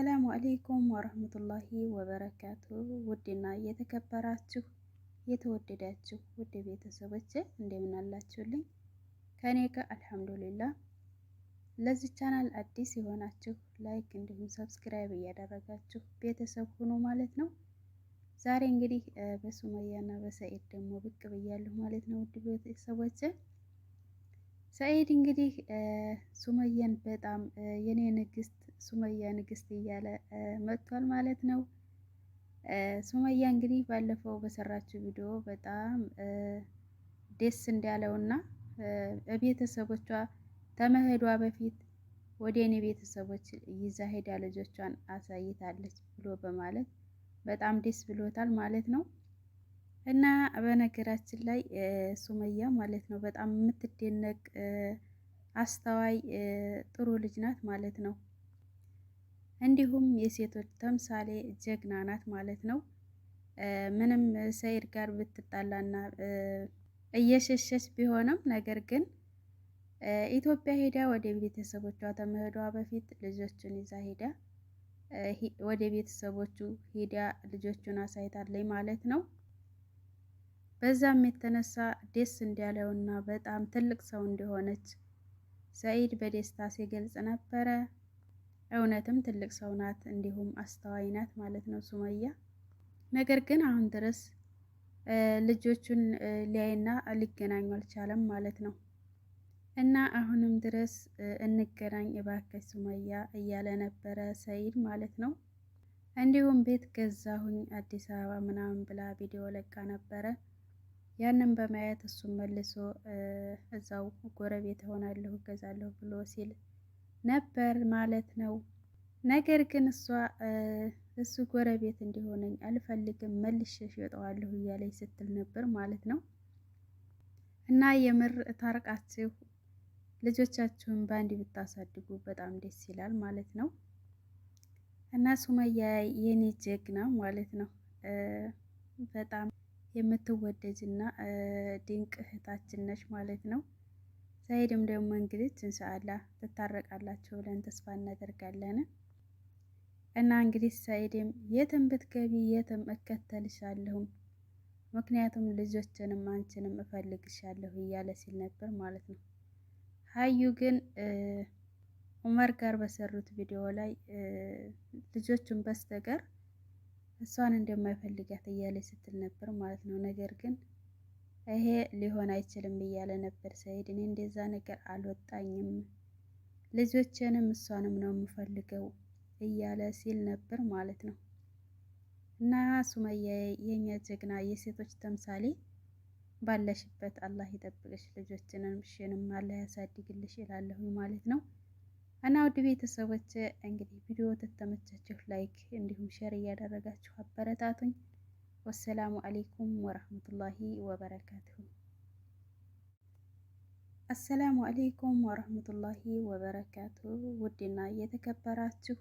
አሰላሙ አሌይኩም ወረህመቱላሂ ወበረካቱ። ውድና የተከበራችሁ የተወደዳችሁ ውድ ቤተሰቦች እንደምን አላችሁልኝ? ከኔ ጋር አልሐምዱሊላ። ለዚህ ቻናል አዲስ የሆናችሁ ላይክ እንዲሁም ሰብስክራይብ እያደረጋችሁ ቤተሰብ ሁኑ ማለት ነው። ዛሬ እንግዲህ በሱመያና በሰኢድ ደግሞ ብቅ ብያለሁ ማለት ነው ውድ ቤተሰቦች ሰኢድ እንግዲህ ሱመያን በጣም የኔ ንግስት ሱመያ ንግስት እያለ መጥቷል ማለት ነው። ሱመያ እንግዲህ ባለፈው በሰራችው ቪዲዮ በጣም ደስ እንዳለውና ቤተሰቦቿ ተመሄዷ በፊት ወደ እኔ ቤተሰቦች ይዛ ሄዳ ልጆቿን አሳይታለች ብሎ በማለት በጣም ደስ ብሎታል ማለት ነው። እና በነገራችን ላይ ሱመያ ማለት ነው በጣም የምትደነቅ አስተዋይ ጥሩ ልጅ ናት ማለት ነው። እንዲሁም የሴቶች ተምሳሌ ጀግና ናት ማለት ነው። ምንም ሰይድ ጋር ብትጣላና እየሸሸች ቢሆንም ነገር ግን ኢትዮጵያ ሄዳ ወደ ቤተሰቦቿ ከመሄዷ በፊት ልጆቹን ይዛ ሄዳ ወደ ቤተሰቦቹ ሄዳ ልጆቹን አሳይታለኝ ማለት ነው። በዛም የተነሳ ደስ እንዳለውና በጣም ትልቅ ሰው እንደሆነች ሰኢድ በደስታ ሲገልጽ ነበረ። እውነትም ትልቅ ሰው ናት፣ እንዲሁም አስተዋይ ናት ማለት ነው ሱመያ። ነገር ግን አሁን ድረስ ልጆቹን ሊያይና ሊገናኙ አልቻለም ማለት ነው። እና አሁንም ድረስ እንገናኝ እባክሽ ሱመያ እያለ ነበረ ሰኢድ ማለት ነው። እንዲሁም ቤት ገዛሁኝ አዲስ አበባ ምናምን ብላ ቪዲዮ ለቃ ነበረ። ያንን በማየት እሱም መልሶ እዛው ጎረቤት እሆናለሁ እገዛለሁ ብሎ ሲል ነበር ማለት ነው። ነገር ግን እሷ እሱ ጎረቤት እንዲሆነኝ አልፈልግም መልሼ እሸጠዋለሁ እያለኝ ስትል ነበር ማለት ነው። እና የምር ታርቃችሁ ልጆቻችሁን በአንድ ብታሳድጉ በጣም ደስ ይላል ማለት ነው። እና ሱመያ የኔ ጀግና ማለት ነው በጣም የምትወደጅና ድንቅ እህታችን ነች ማለት ነው። ሰይድም ደግሞ እንግዲህ እንሻአላ ትታረቃላችሁ ብለን ተስፋ እናደርጋለን። እና እንግዲህ ሰይድም የትም ብትገቢ የትም እከተልሻለሁም ምክንያቱም ልጆችንም አንቺንም እፈልግሻለሁ እያለ ሲል ነበር ማለት ነው። ሀዩ ግን ኡመር ጋር በሰሩት ቪዲዮ ላይ ልጆቹን በስተቀር እሷን እንደማይፈልጋት እያለ ስትል ነበር ማለት ነው። ነገር ግን ይሄ ሊሆን አይችልም እያለ ነበር ሰይድ። እኔ እንደዛ ነገር አልወጣኝም፣ ልጆችንም እሷንም ነው የምፈልገው እያለ ሲል ነበር ማለት ነው። እና ሱመያ የኛ ጀግና፣ የሴቶች ተምሳሌ ባለሽበት አላህ ይጠብቅሽ፣ ልጆችንም ሽንም አላህ ያሳድግልሽ ይላለሁ ማለት ነው። እና ውድ ቤተሰቦች እንግዲህ ቪዲዮ ተተመቻችሁ ላይክ እንዲሁም ሼር እያደረጋችሁ አበረታቱኝ። ወሰላሙ አሌይኩም ወረህመቱላሂ ወበረካቱሁ። አሰላሙ አሌይኩም ወረህመቱላሂ ወበረካቱሁ። ውድና እየተከበራችሁ